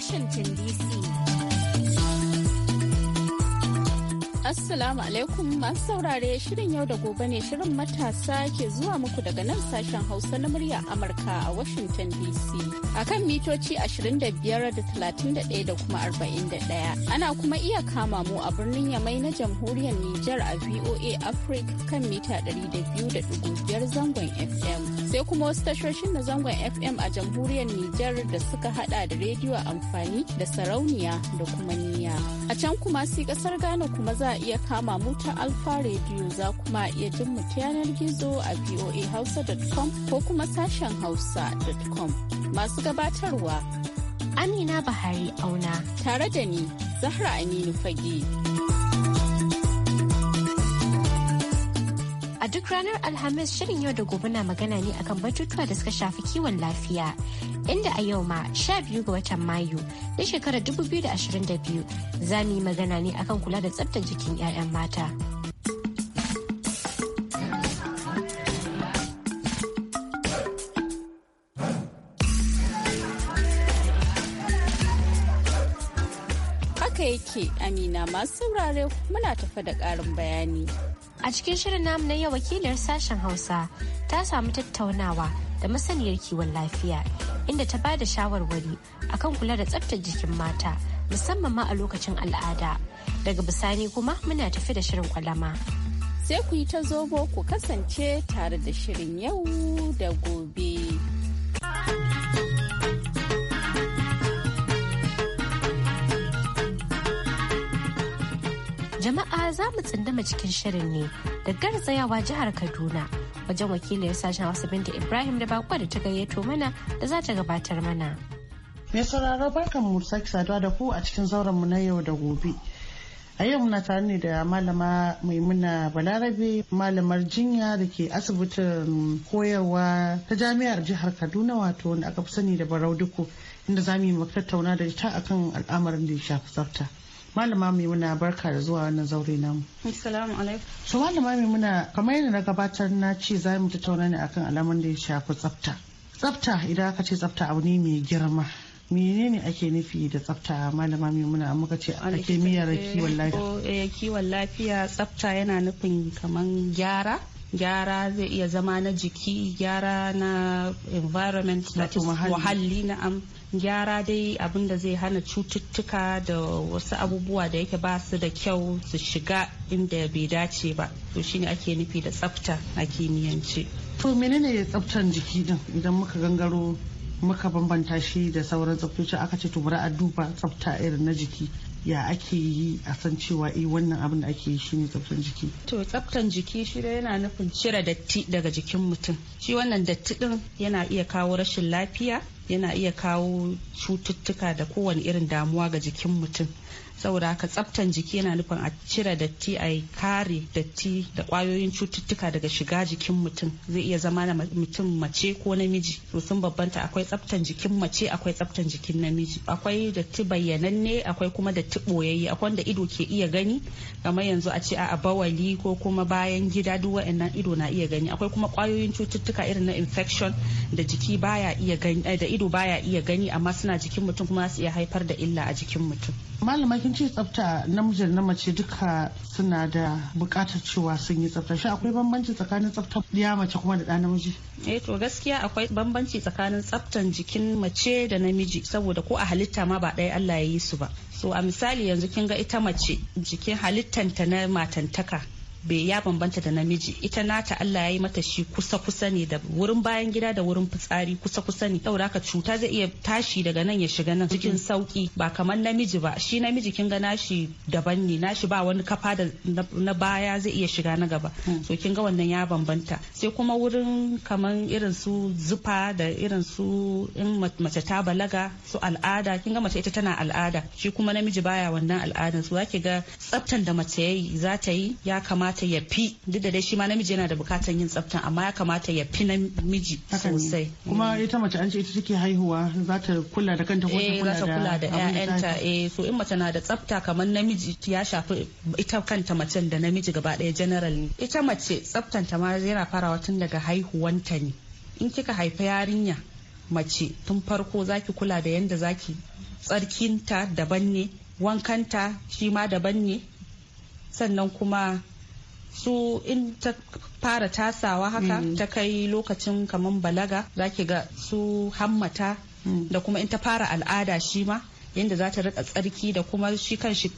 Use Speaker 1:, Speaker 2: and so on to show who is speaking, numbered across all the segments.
Speaker 1: Washington DC. Assalamu alaikum masu saurare shirin yau da gobe ne shirin matasa ke zuwa muku daga nan sashen Hausa na murya Amurka a Washington DC. A kan mitoci 25 da 31 da kuma 41. Ana kuma iya kama mu a birnin Yamai na jamhuriyar Nijar a VOA Africa kan mita 200.5 zangon FM. sai kuma wasu tashoshin na zangon fm a jamhuriyar nijar da suka hada da rediyo amfani da sarauniya da kuma niya a can kuma sai kasar ghana kuma za a iya kama mu alfa rediyo za kuma iya jin mu yanar gizo a voahausa.com ko kuma sashen hausa.com masu gabatarwa amina bahari auna tare da ni zahra aminu fage duk ranar Alhamis shirin yau da gobe na magana ne akan batutuwa
Speaker 2: da suka shafi kiwon lafiya. Inda a yau ma sha biyu ga watan Mayu na shekarar 2022 za mu yi magana ne akan kula da tsabtar jikin 'ya'yan mata.
Speaker 1: Haka yake Amina masu saurare muna tafa da ƙarin bayani. A cikin shirin namu na yau wakilar sashen Hausa ta samu tattaunawa
Speaker 2: da masaniyar kiwon lafiya inda ta ba da shawarwari akan kula da tsaftar jikin mata musamman ma a lokacin al'ada. Daga bisani kuma muna tafi da shirin kwalama.
Speaker 1: Sai ku yi ta zobo ku kasance tare da shirin yau da gobe.
Speaker 2: jama'a za mu tsindama cikin shirin ne da garzayawa jihar Kaduna wajen wakilin sashen Hausa Binta Ibrahim da bakwa da ta gayyato mana da za ta gabatar mana.
Speaker 3: Mai sauraro barkan mu sake saduwa da ku a cikin zauren mu na yau da gobe. A yau muna tare ne da malama Maimuna Balarabe malamar jinya da ke asibitin koyarwa ta jami'ar jihar Kaduna wato wanda aka fi sani da Barau Duku inda za mu yi tattauna da ita akan al'amarin da ya shafi tsafta. malama maimuna barka da zuwa wannan zaure namu
Speaker 4: assalamu alaikum
Speaker 3: so malama maimuna kamar yadda na gabatar na ce za mu tattauna ne akan alamun da ya shafi tsafta tsafta idan aka ce tsafta abu ne mai girma menene ake nufi da tsafta malama maimuna muka ce a kimiyyar kiwon lafiya
Speaker 4: eh, kiwon lafiya tsafta yana nufin kaman gyara gyara zai iya zama na jiki gyara na environment na muhalli na am gyara dai abin da zai hana cututtuka da wasu abubuwa da yake ba su da kyau su shiga inda bai dace ba to shine ake nufi da tsafta a kimiyyance to menene tsaftan jiki din
Speaker 3: idan muka gangaro muka bambanta shi da sauran tsaftoci aka ce to a duba tsafta irin na jiki ya ake yi a san cewa eh wannan abin da ake yi shine tsaftan jiki
Speaker 4: to tsaftan jiki shi yana nufin cire datti daga jikin mutum shi wannan datti din yana iya kawo rashin lafiya yana iya kawo cututtuka da kowane irin damuwa ga jikin mutum saboda haka tsaftan jiki yana nufin a cire datti a kare datti da kwayoyin cututtuka daga shiga jikin mutum zai iya zama na mutum mace ko namiji to sun babbanta akwai tsaftan jikin mace akwai tsaftan jikin namiji akwai datti bayyananne akwai kuma datti boyayye akwai wanda ido ke iya gani kamar yanzu a ce a bawali ko kuma bayan gida duk wa'annan ido na iya gani akwai kuma kwayoyin cututtuka irin na infection da jiki baya iya gani eh, da ido baya iya gani amma suna jikin mutum kuma su iya haifar da illa a jikin mutum
Speaker 3: malama sun ce tsafta namijin na mace duka suna da bukatar cewa sun yi tsafta shi akwai bambanci tsakanin tsaftar ya mace kuma da ɗan namiji
Speaker 4: eh to gaskiya akwai bambanci tsakanin tsaftan jikin mace da namiji saboda ko a halitta ma ba ɗaya Allah ya yi su ba so a misali yanzu kin ga ita mace jikin halittanta na matantaka bai ya bambanta da namiji ita nata Allah ya yi mata shi kusa kusa ne da wurin bayan gida da wurin fitsari kusa kusa ne saboda haka cuta zai iya tashi daga nan ya shiga nan cikin sauki ba kamar namiji ba shi namiji kin ga nashi daban ne nashi ba wani kafa da na baya zai iya shiga na gaba hmm. so kin ga wannan ya bambanta sai kuma wurin kamar irin su zufa da irin su in mace ta balaga su al'ada kin ga mace ita tana al'ada shi kuma namiji baya wannan al'adan su zaki ga tsaftan da mace yayi za ta yi ya kamata kamata ya fi duk da dai shi ma namiji yana da bukatan yin tsafta amma ya kamata ya fi namiji sosai
Speaker 3: kuma mm. ita mace an ce ita take
Speaker 4: haihuwa za ta kula da kanta ko ta eh, kula da ƴaƴanta eh so in mace na da tsafta kamar namiji ya shafi ita kanta macen da namiji gaba ɗaya general ne ita mace tsaftanta ma yana farawa tun daga haihuwanta ne in kika haifa yarinya mace tun farko zaki kula da yanda zaki tsarkinta daban ne wankanta shi ma daban ne sannan kuma su in ta fara tasawa haka mm. ta kai lokacin kamar balaga za ki ga su hammata mm. da kuma in ta fara al'ada shi ma yadda za ta rika tsarki da kuma shi kan shi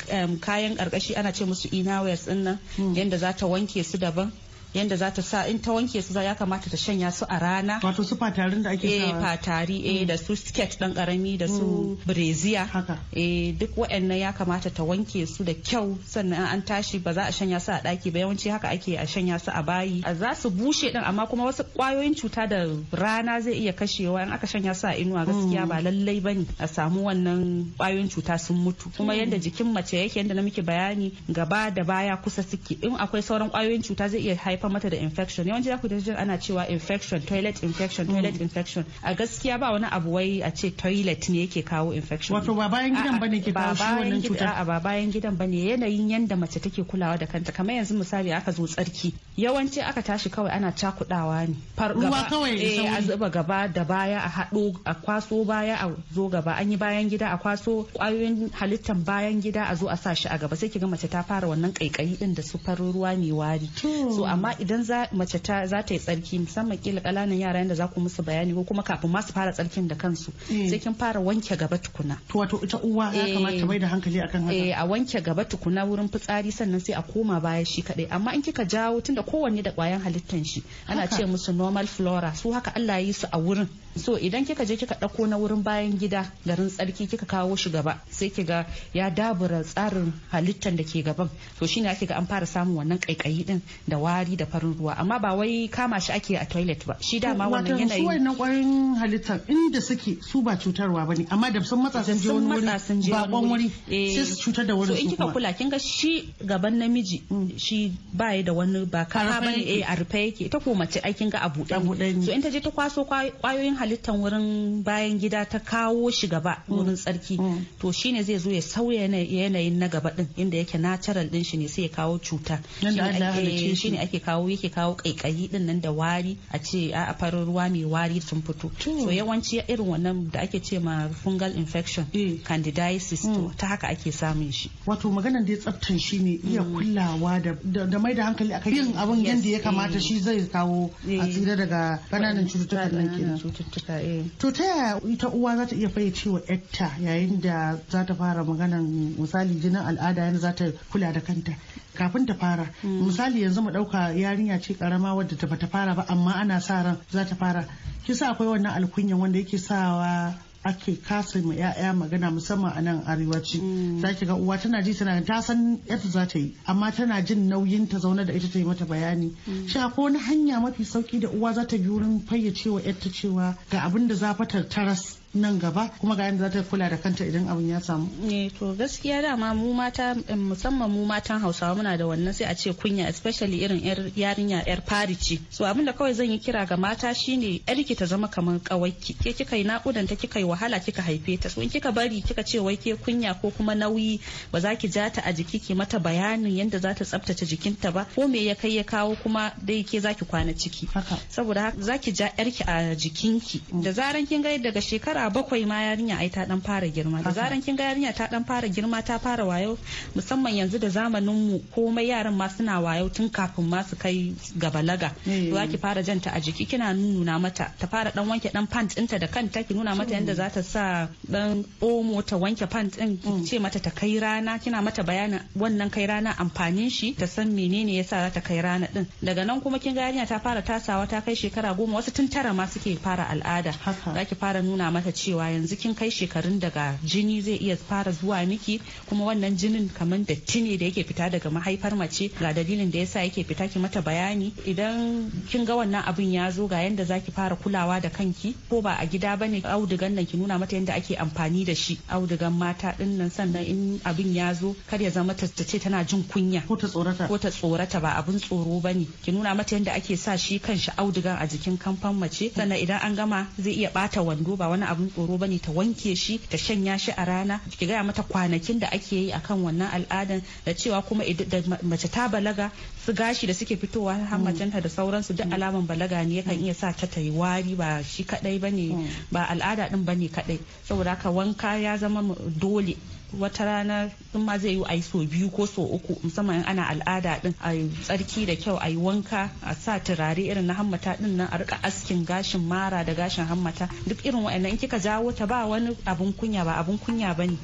Speaker 4: kayan karkashi ana ce musu ina din nan mm. yadda za ta wanke su daban yanda za ta sa in ta wanke su ya kamata ta shanya su a rana wato su fatarin da ake sa eh fatari eh mm. da su skirt dan karami da su mm. breziya eh duk waɗannan ya kamata ta wanke su da kyau sannan an tashi ba za a shanya su a daki ba yawanci haka ake a shanya su a bayi za su bushe din amma kuma wasu kwayoyin cuta da rana zai iya kashewa in aka shanya su a inuwa mm. gaskiya ba lallai bane a samu wannan kwayoyin cuta sun mutu kuma yadda jikin mace yake yadda na muke bayani gaba da baya kusa suke in akwai sauran kwayoyin cuta zai iya haifar haifar mata da infection yawanci za ku jin ana cewa infection toilet infection mm. toilet infection a gaskiya ba wani abu wai a ce toilet ne yake kawo infection wato ba bayan gidan bane ke kawo shi wannan cutar a ba bayan gidan bane yanayin yanda mace take kulawa da kanta kamar yanzu misali aka zo tsarki yawanci aka tashi kawai ana cakudawa ne ruwa kawai eh a zuba gaba da baya a hado a kwaso baya a zo gaba an yi bayan gida a kwaso kwayoyin halittan bayan gida a zo a sa shi a gaba sai ga mace ta fara wannan kaikayi din da su farin ruwa mai wari so amma idan za mace ta za ta yi tsarki musamman kila kalanan yara yanda za ku musu bayani ko kuma kafin masu fara tsarkin da kansu eh. sai kin fara wanke gaba tukuna to wato ita uwa ya eh. kamata mai da hankali akan haka eh a wanke gaba tukuna wurin fitsari sannan sai a koma baya shi kadai amma in kika jawo tunda kowanne da kwayan halittan shi ana ce musu normal flora su haka Allah ya yi su a wurin so idan kika je kika ɗauko na wurin bayan gida garin tsarki kika kawo shi gaba sai kiga ya dabura tsarin halittar da ke gaban to shine ake ga an fara samun wannan kaikayi din da wari da farin ruwa amma ba wai kama shi ake a toilet ba shi dama wannan yanayi wato wannan
Speaker 3: kwarin halittar inda suke su ba cutarwa bane amma da sun matsa sun je wani wuri bakon wuri eh. sai su cutar
Speaker 4: da wurin su kuma so in kika kula kin ga shi gaban namiji mm, shi ba ya da wani ba kama bane eh, a rufe yake ta ko mace ai kin ga a buɗe so in ta je ta kwaso kwayoyin halittan wurin bayan gida ta kawo shi gaba mm. wurin tsarki mm. to shine zai zo ya sauya yanayin na gaba din inda yake natural din shi ne sai ya kawo cuta shine ake kawo yake kawo kaikayi din nan da wari a ce a farin ruwa mai wari sun fito so yawanci irin wannan da ake ce ma fungal infection mm. candidiasis to ta haka ake samun shi
Speaker 3: wato maganar da ya tsaftan shi ne iya kullawa da mai da hankali akan yin abin yanda ya eh. kamata shi zai kawo a tsira daga kananan eh. cututtukan nan kenan cututtuka eh to ta yaya ita uwa za ta iya fayyace wa yarta yayin da za ta fara maganan misali jinin al'ada yana za ta kula da kanta kafin ta fara hmm. misali yanzu mu dauka yarinya ce karama wadda ta bata fara ba amma ana sa ran za ta fara kisa akwai wannan alkunya wanda yake sawa ake kasa ma 'ya'ya magana musamman a nan arewaci mm. za ki ga uwa tana ji tana ta san yadda za ta yi amma tana jin nauyin ta zauna da ita ta yi mata bayani mm. shi ko wani hanya mafi sauki da uwa za ta bi wurin fayyacewa yadda cewa ga abin da za ta taras nan gaba kuma ga yadda za ta kula da kanta idan abin ya samu.
Speaker 4: Ne eh, to gaskiya dama mu mata eh, musamman mu matan Hausawa muna da wannan sai a ce kunya especially irin yar yarinya yar farici So abin da kawai zan yi kira ga mata shine ki ta zama kamar kawai ke kika yi nakudan ta kika yi wahala kika haife ta. So in kika bari kika ce wai ke kunya ko kuma nauyi ba za ki ja ta a jiki ki mata bayanin yadda za ta tsaftace jikinta ba ko me ya kai ya kawo kuma dai ke za ki kwana ciki. Saboda haka za ki ja ki a jikinki da zaran kin ga daga shekara shekara bakwai ma yarinya ai ta dan fara girma da zaran kin ga yarinya ta dan fara girma ta fara wayo musamman yanzu da zamanin mu komai yaran ma suna wayo tun kafin ma su kai ga balaga to mm. ki fara janta a jiki kina nuna mata ta fara dan wanke dan pant ɗinta da kanta ki nuna mata yadda za ta sa dan omo ta wanke pant ɗin mm. ce mata ta kai rana kina mata bayanin wannan kai rana amfanin shi ta san menene yasa za ta kai rana din daga nan kuma kin ga yarinya ta fara tasawa ta kai shekara goma wasu tun tara ma suke fara al'ada zaki fara nuna mata cewa yanzu kin kai shekarun daga jini zai iya fara zuwa miki kuma wannan jinin kamar datti ne da yake fita daga mahaifar mace ga dalilin da yasa yake fita ki mata bayani idan kin ga wannan abin ya zo ga yanda zaki fara kulawa da kanki ko ba a gida bane audugan nan ki nuna mata yanda ake amfani da shi audugan mata din sannan in abin ya zo kar ya zama ta ce tana jin kunya ko ta tsorata ko ta tsorata ba abin tsoro bane ki nuna mata yanda ake sa shi kanshi audugan a jikin kamfan mace sannan idan an gama zai iya bata wando ba wani abu abin tsoro bane ta wanke shi ta shanya shi a rana ki gaya mata kwanakin da ake yi akan wannan al'adan da cewa kuma da mace ta balaga su gashi da suke fitowa hammatanta da sauransu duk mm. alaman balaga ne yakan mm. iya sa ta tayi wari ba shi kadai bane mm. ba al'ada din bane kadai saboda haka wanka ya zama dole wata rana sun ma zai yi a so biyu ko so uku musamman ana al'ada din a tsarki da kyau a yi wanka a sa turare irin na hammata din nan a rika askin gashin mara da gashin hammata duk irin wa'annan in suka jawo ta ba wani abun kunya ba abun kunya ba ne.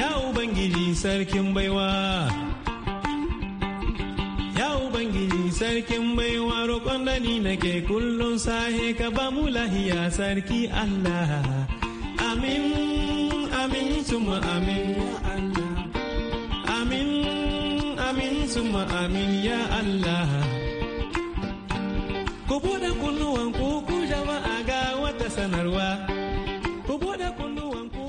Speaker 2: Ya Ubangiji sarkin baiwa. Ya Ubangiji sarkin baiwa roƙon da ni nake kullum sahe ka ba mu lahiya sarki Allah. Amin, amin, suma amin ya Allah. Amin, amin, suma amin ya Allah. Ku bude kunnuwan ku jama'a. sanarwa.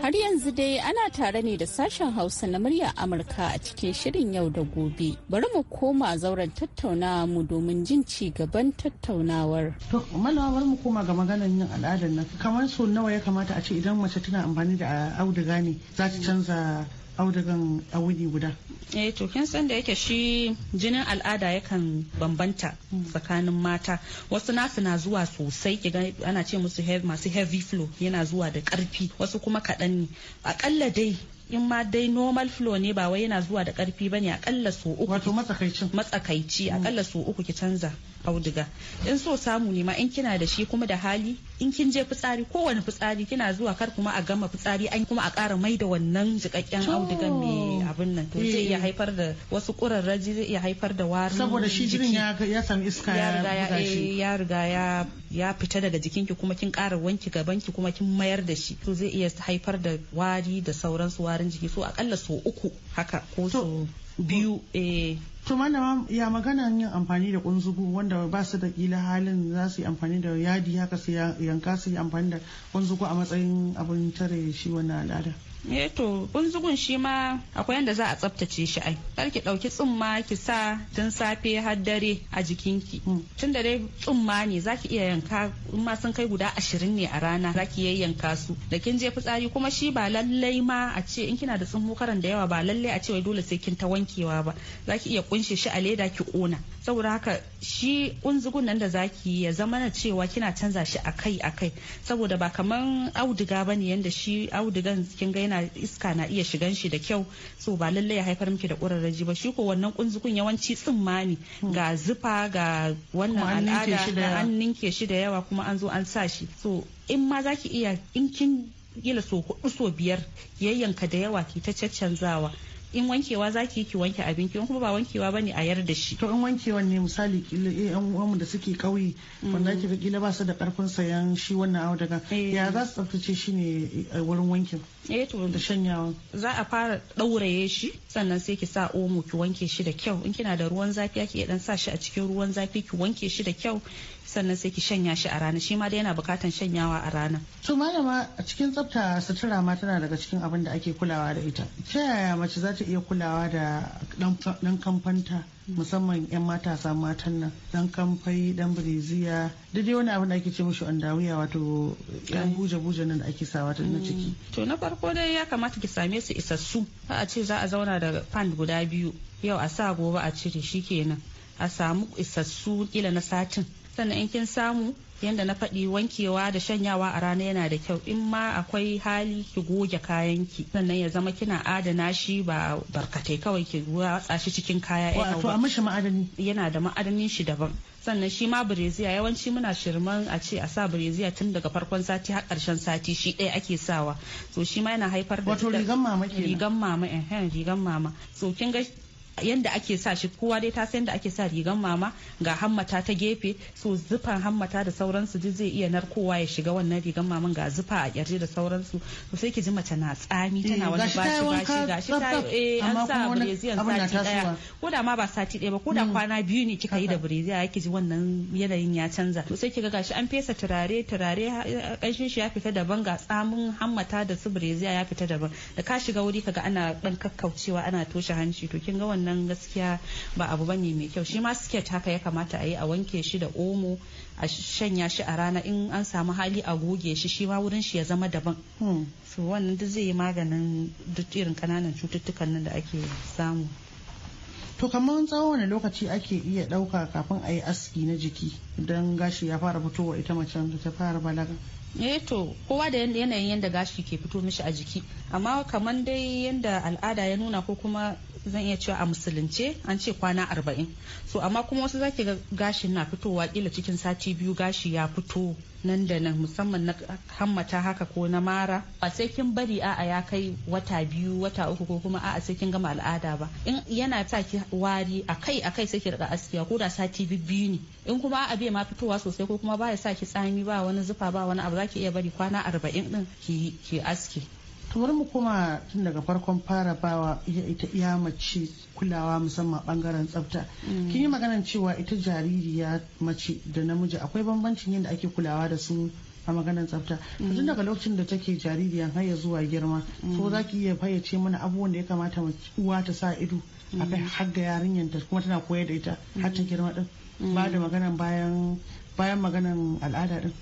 Speaker 1: Har yanzu dai ana tare ne da sashen Hausa na murya Amurka a cikin shirin yau da gobe. Bari mu koma zauren tattaunawa mu domin jin ci gaban tattaunawar. To, malama bari mu
Speaker 3: koma ga maganar yin al'adar nan. Kamar so nawa ya kamata a ce idan mace tana amfani da auduga ne za ta canza
Speaker 4: audugan a wuni guda eh to kin san da yake shi jinin al'ada yakan bambanta hmm. tsakanin mata wasu nasu na zuwa sosai kiga ana ce musu masu heavy flow yana zuwa da karfi wasu kuma kaɗan ne akalla dai in ma dai normal flow ne ba wai yana zuwa da karfi bane akalla so uku wato matsakaici matsakaici hmm. akalla so uku ki canza auduga in so samu ne ma in kina da shi kuma da hali in kin je fitsari kowane fitsari kina zuwa kar kuma a gama fitsari an kuma a ƙara mai da wannan jikakken audugan mai abin nan to zai iya eh. haifar da wasu kurarraji zai iya haifar da wari saboda shi jirin
Speaker 3: ya sami iska eh,
Speaker 4: ya riga ya ya fita daga jikinki kuma kin ƙara wanki gabanki kuma kin mayar da shi to zai iya haifar da wari da sauransu warin jiki so akalla so uku haka ko so biyu eh to malama
Speaker 3: ya magana yin amfani da kunzugu wanda ba su da kila halin za su yi amfani da yadi haka sai yanka su yi amfani da kunzugu a matsayin abin tare shi wannan al'ada
Speaker 1: eh
Speaker 4: to bunzugun shi ma akwai yadda za a tsaftace shi ai kar ki dauki tsumma ki sa tun safe har dare a jikinki mm. tun da dai tsumma ne za ki iya yanka in ma sun kai guda ashirin ne a rana za ki yayyanka su da kin je fitsari kuma shi ba lallai ma a ce in kina da tsummo karan da yawa ba lallai a ce wai dole sai kin ta wankewa ba za ki iya kunshe shi a leda ki kona saboda haka shi unzugun nan da za ki ya zama na cewa kina canza shi akai akai saboda ba kaman auduga bane yanda shi audugan kin gaina. yana iska na iya shigan shi da kyau so ba lallai ya haifar miki da ƙurarraji ba shi ko wannan kunzukun yawanci tsimmani ne ga zufa ga wannan al'ada da an ninke shi da yawa kuma an zo an sa shi so in ma zaki iya in kin gilaso so hudu so biyar yayyanka da yawa ki ta caccanzawa in wankewa zaki ki wanke abinki in kuma ba wankewa bane a yar da shi to in wankewa ne misali kila yan eh, uwanmu da suke kauye mm. wanda ki da kila ba su da karfin sayan shi wannan auduga eh. ya za su tsaftace shi ne a eh, wurin wankin eh to da shanyawa za a fara ɗauraye shi sannan sai ki sa omo ki wanke shi da kyau in kina da ruwan zafi ki dan sa shi a cikin ruwan zafi ki wanke shi da kyau sannan sai ki shanya shi a rana shi ma dai yana bukatan shanyawa a rana
Speaker 3: to malama a cikin tsafta sutura ma tana daga cikin abin da ake kulawa da ita ta yaya mace za ta iya kulawa da dan kamfanta musamman 'yan matasa matan nan dan kamfai dan biriziya duk dai wani abin da ake ce mishi
Speaker 4: andawiya wato yan buje buje nan da ake sawa ta na ciki mm. to na farko dai ya kamata ki same su isassu ba a ce za a zauna da fan guda biyu yau a sa gobe a cire shi kenan a samu isassu kila na satin sannan in kin samu yadda na faɗi wankewa da shanyawa a rana yana da kyau in ma akwai hali ki goge kayan ki sannan ya zama kina adana shi ba barkatai kawai ki watsa shi cikin kaya wato a mishi ma'adani yana da ma'adanin shi daban sannan shi ma bireziya yawanci muna shirman a ce a sa bireziya tun daga farkon sati har karshen sati shi ɗaya ake sawa so shi ma yana haifar da wato rigan mama kenan rigan mama eh, eh rigan mama so kin ga yanda ake sa shi kowa dai ta san yanda ake sa rigan mama ga hammata ta gefe so zufan hammata da sauransu duk zai iya narkowa ya shiga wannan rigan maman ga zufa a kyarje da sauransu to sai ki ji mace na tsami eh, tana wani bashi bashi gashi ta eh an sa breziyan sati daya ko da ma ba sati daya ba ko da mm. kwana biyu ne kika yi da breziya yake ji wannan yanayin ya canza to sai kiga gashi an fesa turare turare kanshin shi ya fita daban ga tsamin hammata da su breziya ya fita daban da ka shiga wuri kaga ana dan kakkaucewa ana toshe hanci to kin ga wannan wannan gaskiya ba abu bane mai kyau shi ma siket haka ya kamata a yi a wanke shi da omo a shanya shi a rana in an samu hali a goge shi shi ma wurin shi ya zama daban hmm. so wannan duk zai yi maganin duk irin kananan cututtukan nan da ake samu to kamar tsawon wani lokaci ake iya ɗauka kafin a yi aski na jiki don gashi ya fara fitowa ita macen da ta fara balaga eh to kowa da yanayin yadda gashi ke fito mishi a jiki amma kamar dai yadda al'ada ya nuna ko kuma zan iya cewa a musulunce an ce kwana arba'in so amma kuma wasu zaki ga gashin na fitowa kila cikin sati biyu gashi ya fito nan da nan musamman na hammata haka ko na mara ba sai kin bari a'a ya kai wata biyu wata uku ko kuma a'a sai kin gama al'ada ba in yana sa ki wari a kai a kai sai ki riga aski ko da sati biyu ne in kuma a'a bai ma fitowa sosai ko kuma ba ya sa ki tsami ba wani zufa ba wani abu zaki iya bari kwana arba'in din ki aski
Speaker 3: to mu kuma tun daga farkon fara bawa ita iya mace kulawa musamman bangaren tsafta mm. kin yi maganan cewa ita jaririya mace da namiji akwai bambancin yadda ake kulawa da su a maganar tsafta tun mm. daga lokacin da take jaririyan har ya zuwa girma so mm. za ki iya fayyace mana abubuwan da ya kamata uwa ta sa ido a kai har da yarinyar ta kuma tana koyar da
Speaker 4: ita har ta girma din ba da maganan bayan bayan maganan al'ada din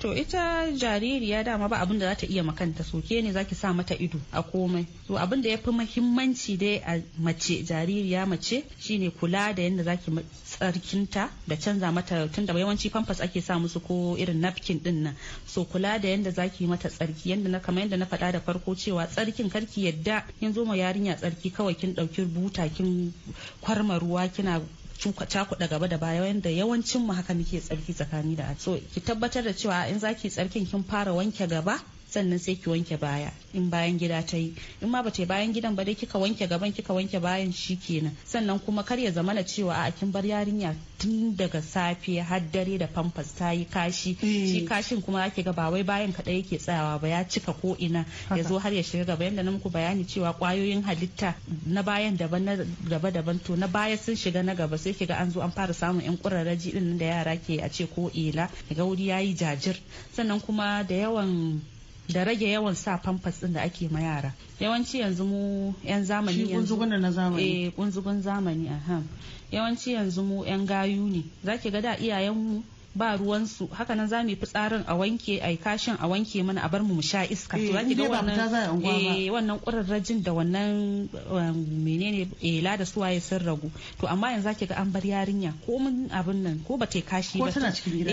Speaker 4: to ita jaririya dama ba abin da za ta iya makanta soke ne zaki sa mata ido a komai to abin da ya fi muhimmanci dai a mace jaririya mace shine kula da yadda zaki tsarkinta da canza mata tun tunda yawanci pampas ake sa musu ko irin napkin din nan so kula da yadda zaki mata tsarki yadda na kamar yadda na faɗa da farko cewa tsarkin karki yadda kin zo ma yarinya tsarki kawai kin ɗauki buta kin kwarma ruwa kina cakuɗa gaba da baya wanda yawancin mu haka muke tsarki tsakani da so ki tabbatar da cewa in zaki tsarkin kin fara wanke gaba sannan sai ki wanke baya in bayan gida ta yi in ma bata bayan gidan ba dai kika wanke gaban kika wanke bayan shi kenan sannan kuma kar ya zamana cewa a kin bar yarinya tun daga safe har dare da famfas ta yi kashi eh. shi kashin kuma ake ga ba wai bayan kaɗai yake tsayawa ba ya cika ko ina ya zo har ya shiga gaba yadda na muku bayani cewa kwayoyin halitta na bayan daban na gaba daban to na baya sun shiga na gaba sai kiga an zo an fara samun yan kurarraji din da yara ke a ce ko ila ga wuri yayi jajir sannan kuma da yawan da rage yawan sa pampers din da ake ma yara yawanci yanzu mu yan zamani yanzu na zamani eh kunzugun zamani aha yawanci yanzu mu yan gayu ne zaki ga da iyayen mu ba ruwansu haka nan za mu fi tsarin a wanke a kashin a wanke mana a bar mu sha iska to eh, zaki ga wannan eh wannan kurarrajin da wannan um, menene eh lada suwaye sun ragu to amma yanzu zaki ga an bar yarinya ko mun abin nan ko ba ta kashi ba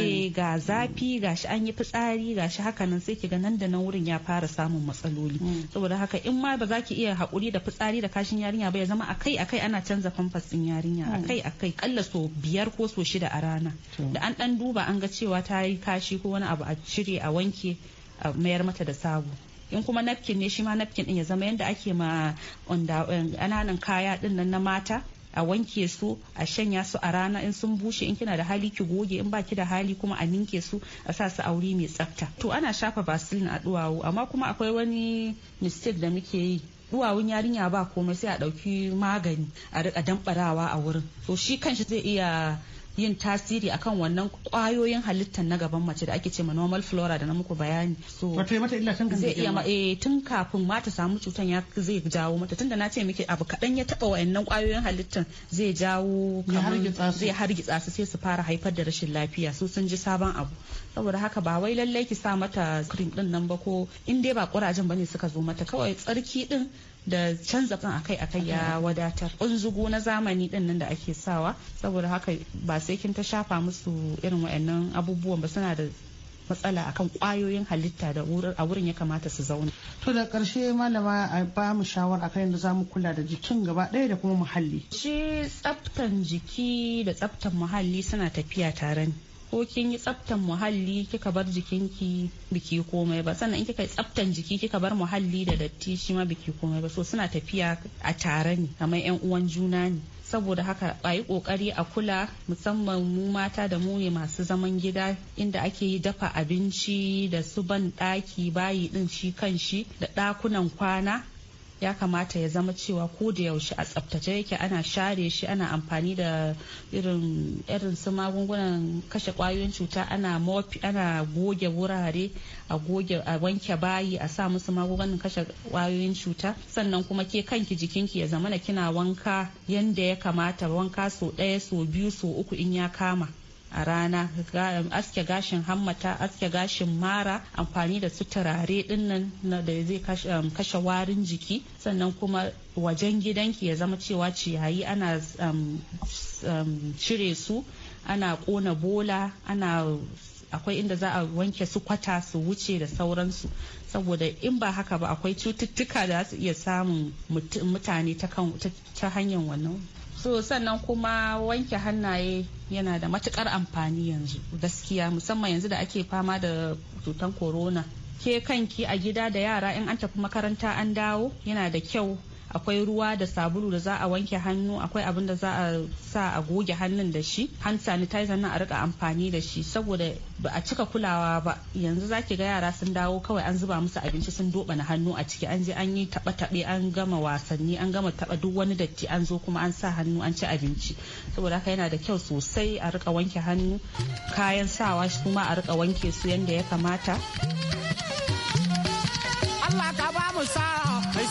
Speaker 4: eh ga zafi gashi an yi fitsari gashi haka nan sai ki ga nan da nan wurin ya fara samun matsaloli mm. saboda haka in ma ba za ki iya hakuri da fitsari da kashin yarinya ba ya zama akai akai ana canza famfas din yarinya mm. akai akai kalla so biyar ko so shida a rana da an dan duba duba an ga cewa ta yi kashi ko wani abu a cire a wanke a mayar mata da sabo in kuma napkin ne shi ma napkin din ya zama yadda ake ma eh, ƙananan kaya din nan na mata a wanke su a shanya su a rana in sun bushe in kina da hali ki goge in baki da hali kuma a ninke su a sa su a wuri mai tsafta to ana shafa vaseline a duwawu amma kuma akwai wani mistake da muke yi duwawun yarinya ba komai sai a ɗauki magani a rika damɓarawa a wurin to shi kanshi zai iya yin tasiri akan wannan kwayoyin halittar na gaban mace da ake ce ma normal flora da na muku bayani so zai iya ma eh tun kafin ma ta samu cutan ya zai jawo mata tunda na ce miki abu kadan ya taba wayannan kwayoyin halittar zai jawo zai hargitsa su sai su fara haifar da rashin lafiya su sun ji sabon abu saboda haka ba wai lallai ki sa mata cream din nan ba ko in dai ba kurajen bane suka zo mata kawai tsarki din da canza kan akai akai ya wadatar unzugu na zamani din nan da ake sawa saboda haka ba sai kin ta shafa musu irin wayannan abubuwan ba suna da matsala akan kwayoyin halitta da a wurin ya kamata su zauna. To da karshe malama a ba mu shawar akan yadda za kula da jikin gaba ɗaya da kuma muhalli. Shi tsaftan jiki da tsaftan muhalli suna tafiya tare ko kin yi tsaftan muhalli kika bar jikinki biki komai ba sannan in kika yi tsaftan jiki kika bar muhalli da datti shi ma biki komai ba so suna tafiya a tare ne kamar yan uwan juna ne saboda haka a yi kokari a kula musamman mu mata da mu ne masu zaman gida inda ake yi dafa abinci da su ban daki bayi din shi kan shi da dakunan kwana ya kamata ya zama cewa ko da yaushe a tsaftace yake ana share shi ana amfani da irin irin su magungunan kashe kwayoyin cuta ana ana goge wurare a goge a wanke bayi a sa musu magungunan kashe kwayoyin cuta sannan kuma ke kanki jikinki ya zama kina wanka yanda ya kamata wanka so ɗaya so biyu so uku in ya kama a rana um, aske gashin hammata aske gashin mara amfani da su turare dinnan da zai um, kashe warin jiki sannan kuma wajen gidanki ya zama cewa ciyayi ana um, cire su ana kona bola ana akwai inda za a wanke su kwata su wuce da sauransu saboda in ba haka ba akwai cututtuka da su iya samun mutane ta hanyar wannan so sannan kuma wanke hannaye yana da matukar amfani yanzu gaskiya musamman yanzu da ake fama da cutar corona ke kanki a gida da yara in an tafi makaranta an dawo yana da kyau akwai ruwa da sabulu da za a wanke hannu akwai abin da za a sa a goge hannun da shi hand sanitizer na a rika amfani da shi saboda ba a cika kulawa ba yanzu zaki ga yara sun dawo kawai an zuba musu abinci sun doba na hannu a ciki an je an yi taba tabe an gama wasanni an gama taba duk wani datti an zo kuma an sa hannu an ci abinci saboda haka yana da kyau sosai a rika wanke hannu kayan sawa kuma a rika wanke su yanda ya kamata
Speaker 2: Allah ka ba mu sa'a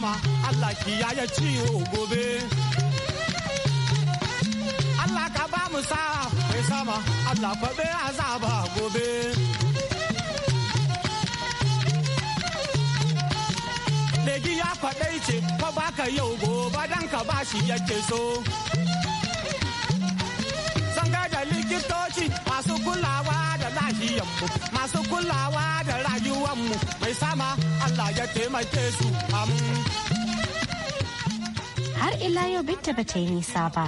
Speaker 2: kama Allah kiyaye ciwo gobe. Allah ka ba mu sa mai sama Allah kwabe azaba gobe. Legi ya kwaɗai ce fa baka yau gobe dan ka ba shi yake so. Sanga da likitoci masu kulawa da masu kulawa da rayuwanmu mai sama Allah ya taimake su Har ila yau Binta ba ta yi nisa ba,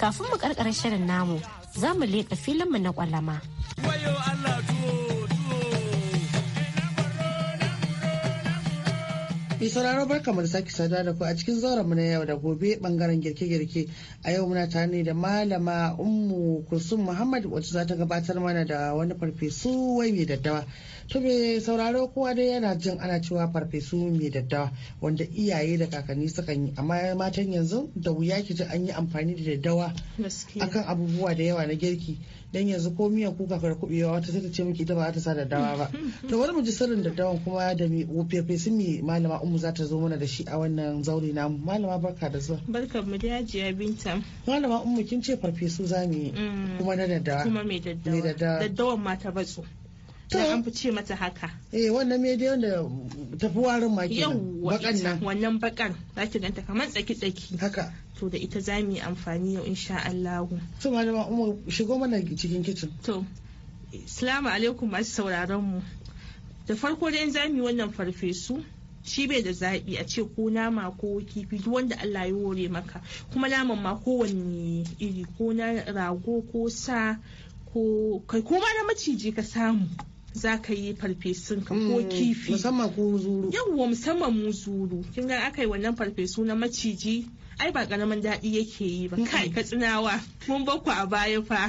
Speaker 2: kafin mu karkar shirin namu za mu leƙa filinmu na kwalama. Wayo Allah tuwo.
Speaker 3: Mai sauraro barkamu da sake saduwa da ku a cikin zauren mu na yau da gobe bangaren girke-girke. A yau muna tare ne da malama Ummu kusum Muhammad wacce za ta gabatar mana da wani farfesu wai mai daddawa. To me sauraro kowa dai yana jin ana cewa farfesu mai daddawa wanda iyaye da kakanni suka yi amma matan yanzu da wuya ki ji an yi amfani da daddawa akan abubuwa da yawa na girki dan yanzu ko miyan kuka kar kubewa wata sai ta ce miki ita ba za ta sa daddawa ba to wani mu ji sirrin daddawan kuma da mi farfesu mai malama ummu za ta zo mana da shi a wannan zaure namu malama barka da zuwa barka mu da
Speaker 5: jiya binta
Speaker 3: malama ummu kin ce farfesu zamu yi
Speaker 5: mm. kuma na daddawa kuma mai daddawa daddawan mata batsu sai an fi ce mata haka eh wannan me dai wanda tafi warin ma kenan bakan nan wannan bakan zaki ganta kamar tsaki tsaki haka to da ita za mu yi amfani yau insha Allah
Speaker 3: to malama Umar shigo mana cikin
Speaker 5: kitchen to Assalamu alaikum masu sauraron mu da farko dai za mu yi wannan farfesu shi bai da zaɓi a ce ko nama ko kifi duk wanda Allah ya hore maka kuma naman ma kowanne iri ko na rago ko sa ko kai ko ma na maciji ka samu za ka yi farfesun ka ko hmm, kifi musamman ko zuru yawwa musamman mu zuru kin ga aka yi wannan farfesu na maciji ai ba
Speaker 3: karamin daɗi yake yi ba kai
Speaker 5: ka tsinawa mun bakku a baya fa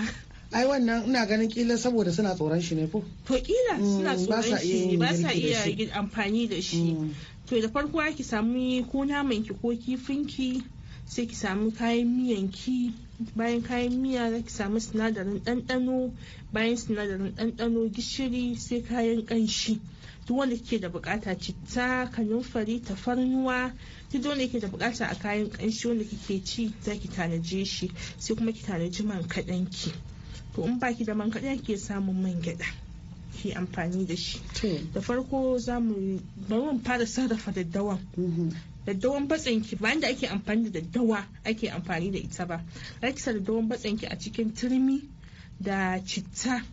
Speaker 3: ai wannan ina ganin kila saboda suna tsoron shi ne ko to kila mm, suna tsoron shi ne ba sa iya
Speaker 5: amfani da shi mm. to da farko ki samu ko naman ki ko kifin ki sai ki samu kayan miyan ki bayan kayan miya za ki samu sinadarin ɗanɗano bayan sinadarin ɗanɗano gishiri sai kayan ƙanshi duk wanda ke da bukata citta kanumfari tafarnuwa duk wanda ke da bukata a kayan ƙanshi wanda kike ci za ki tanaje shi sai kuma ki tanaji man kaɗan ki to in baki da man kaɗan ke samun man gyaɗa ki amfani da shi da farko za mu bari mu fara sarrafa daddawan mm-hmm. daddawan batsen ki ba inda ake amfani da daddawa ake amfani da ita ba rakisa daddawan batsen ki a cikin turmi da citta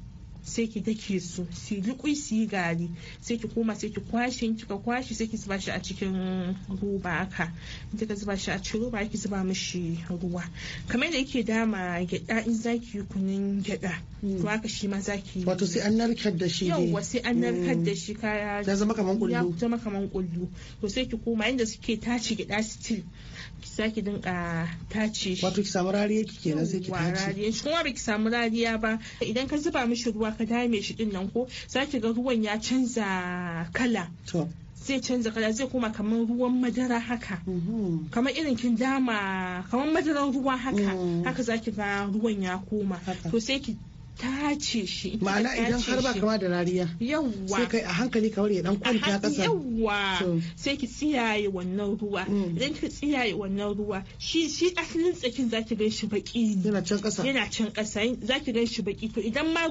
Speaker 5: sai ki dake su su liƙui su yi gari sai ki koma sai ki kwashe in kika kwashe sai ki zuba shi a cikin roba haka in kika zuba shi a cikin roba ki zuba mishi ruwa kamar yadda yake dama gyada in zaki yi kunun gyada. to haka shi ma zaki wato
Speaker 3: sai an narkar da shi Yau sai an narkar da
Speaker 5: shi mm. kaya ya zama kaman kullu ya zama kaman kullu to sai ki koma inda suke tace gyada still ki saki dinka
Speaker 3: tace shi wato ki samu rariya kike na sai ki tace rariya
Speaker 5: shi kuma ba ki samu rariya ba idan ka zuba mishi ruwa ka dame shi din nan ko zaki ga ruwan ya canza kala zai canza kala zai koma kamar ruwan madara haka kamar irin kin dama kamar madaran ruwa haka mm. haka zaki ga ruwan ya koma to sai ki tace shi ma'ana idan har ba kama da
Speaker 3: rariya yawwa sai kai a hankali kamar ya dan kwanta kasa
Speaker 5: yawwa sai ki tsiyaye wannan ruwa mm. idan ki tsiyaye wannan ruwa shi shi asalin tsakin zaki gan shi baki yana can kasa yana can kasa zaki gan shi baki to idan ma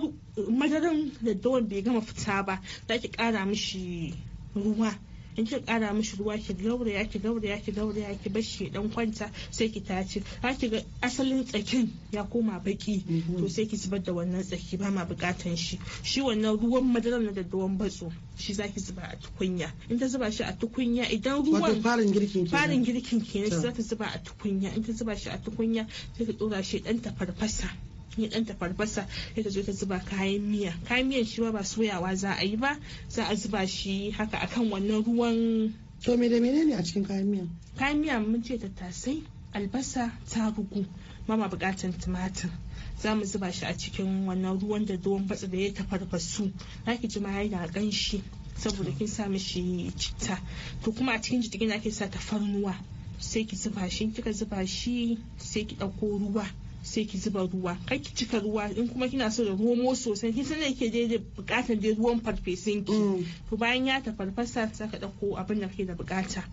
Speaker 5: madaran da bai gama fita ba zaki kara mishi ruwa in ki kara mishi ruwa ki gauraya ki gauraya ki gauraya ki bar shi dan kwanta sai ki tace za ki ga asalin tsakin ya koma baki to sai ki zubar da wannan tsaki ba ma bukatan shi shi wannan ruwan madarar na daddawan batso shi za ki zuba a tukunya in ta zuba shi a tukunya idan ruwan farin
Speaker 3: girkin kenan farin
Speaker 5: girkin kenan za ta zuba a tukunya in ta zuba shi a tukunya sai ki dora shi dan tafarfasa ya dan tafarfasa sai ta zo ta zuba kayan miya kayan miyan shi ba soyawa za a yi ba za a zuba shi haka akan wannan ruwan to me da menene a cikin kayan miya kayan miya mun ce tattasai albasa rugu mama bukatan tumatir za mu zuba shi a cikin wannan ruwan da ruwan batsa da ya tafarfasu za ki ji ma da ganshi saboda kin sa mishi citta to kuma a cikin jirgin ake sa tafarnuwa sai ki zuba shi kika zuba shi sai ki ɗauko ruwa sai ki zuba ruwa kai ki cika ruwa in kuma kina so da romo sosai kin san yake daidai bukatar dai ruwan farfesun ki mm. to bayan ya tafarfasa farfasa ɗauko dauko abin da kake da bukata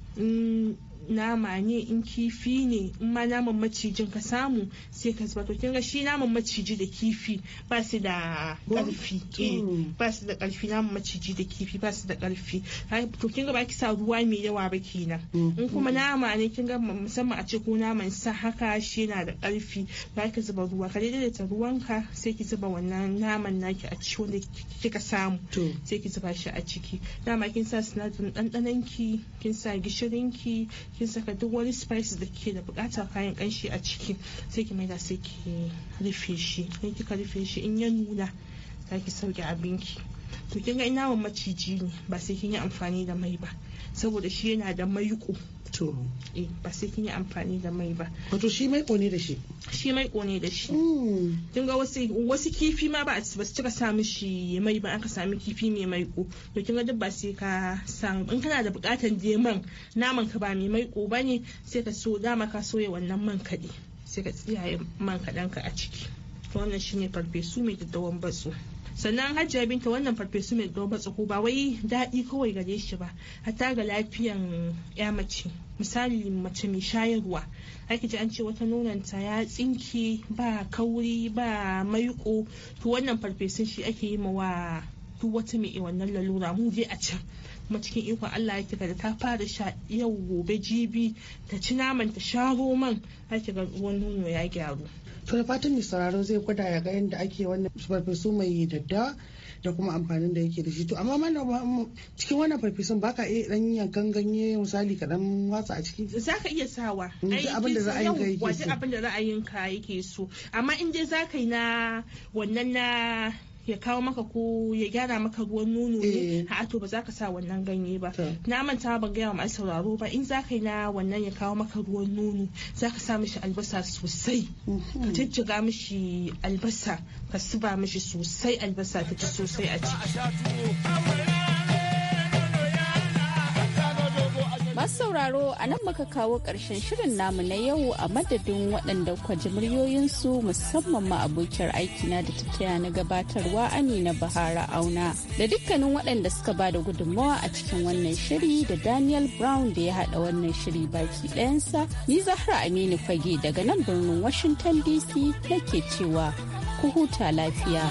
Speaker 5: nama ne in kifi ne in ma naman macijin ka samu sai ka zuba to kin ga shi naman maciji da kifi ba su da karfi eh, ba su da karfi naman maciji da kifi ba su da karfi to kin ga ba ki sa ruwa mai yawa ba kenan mm-hmm. in kuma nama ne kin ga musamman a ce ko naman sa haka shi yana da karfi ba ki zuba ruwa ka ruwan ka sai ki zuba wannan naman naki a ciki wanda kika samu sai ki zuba shi a ciki dama kin sa sinadarin ɗanɗanonki kin sa gishirin ki. kin saka duk wani spices da ke da bukata kayan kanshi a ciki sai ki maida sai ki rufe shi in kika rufe shi in ya nuna za ki sauke abinki to kin ga ina maciji ne ba sai kin yi amfani da mai ba saboda shi yana da maiƙo to eh, ba sai kin yi amfani da mai ba
Speaker 3: wato shi mai kone da shi
Speaker 5: shi mai kone da shi hmm. kin ga wasu wasu kifi ma ba su cika samu shi mai ba aka sami kifi mai ko to kin ga duk ba sai ka san in kana da bukatan jeman naman ka ba mai ko bane sai ka so dama ka soya wannan man kadi sai ka tsiyaye man kaɗan ka a ciki to wannan shine farfesu mai daddawan batsu sannan hajiya binta wannan farfesu mai dogon ko ba wai daɗi kawai gare shi ba hatta ga lafiyan ya mace misali mace mai shayarwa ake ji an ce wata nonanta ya tsinke ba kauri ba maiko to wannan farfesun shi ake yi wa duk wata mai wannan lalura mu je a can kuma cikin ikon Allah yake da ta fara sha yau gobe jibi ta ci naman ta sha roman ake ga ruwan nono ya gyaru
Speaker 3: to da fatan mai sauraro zai gwada ya ga yadda ake wannan farfesu mai dadda da kuma amfanin da yake da shi to amma mana cikin wannan farfesun baka iya dan yankan ganye misali ka dan watsa a ciki zaka iya sawa mm, abin da ra'ayin ka yake so abin da
Speaker 5: ra'ayin ka yake so amma in dai zaka yi na wannan na ya kawo maka ko ya gyara maka ruwan nono ne eh. a to ba za ka sa wannan ganye ba na manta ba gaya wa masu sauraro ba in za ka yi na wannan ya kawo maka ruwan nono za ka sa mishi albasa sosai mhm. ka tijjiga mishi albasa ka suba mishi sosai
Speaker 1: albasa ta ci sosai a ciki Masu sauraro a nan muka kawo ƙarshen shirin namu na yau a madadin waɗanda kwaji muryoyinsu musamman ma abokiyar aikina da tattaya na gabatarwa Amina Bahara Auna da dukkanin waɗanda suka ba da gudunmawa a cikin wannan shiri da Daniel Brown da ya haɗa wannan shiri baki ɗayansa. Ni Zahra Aminu Fage daga nan birnin Washington DC nake cewa ku huta lafiya.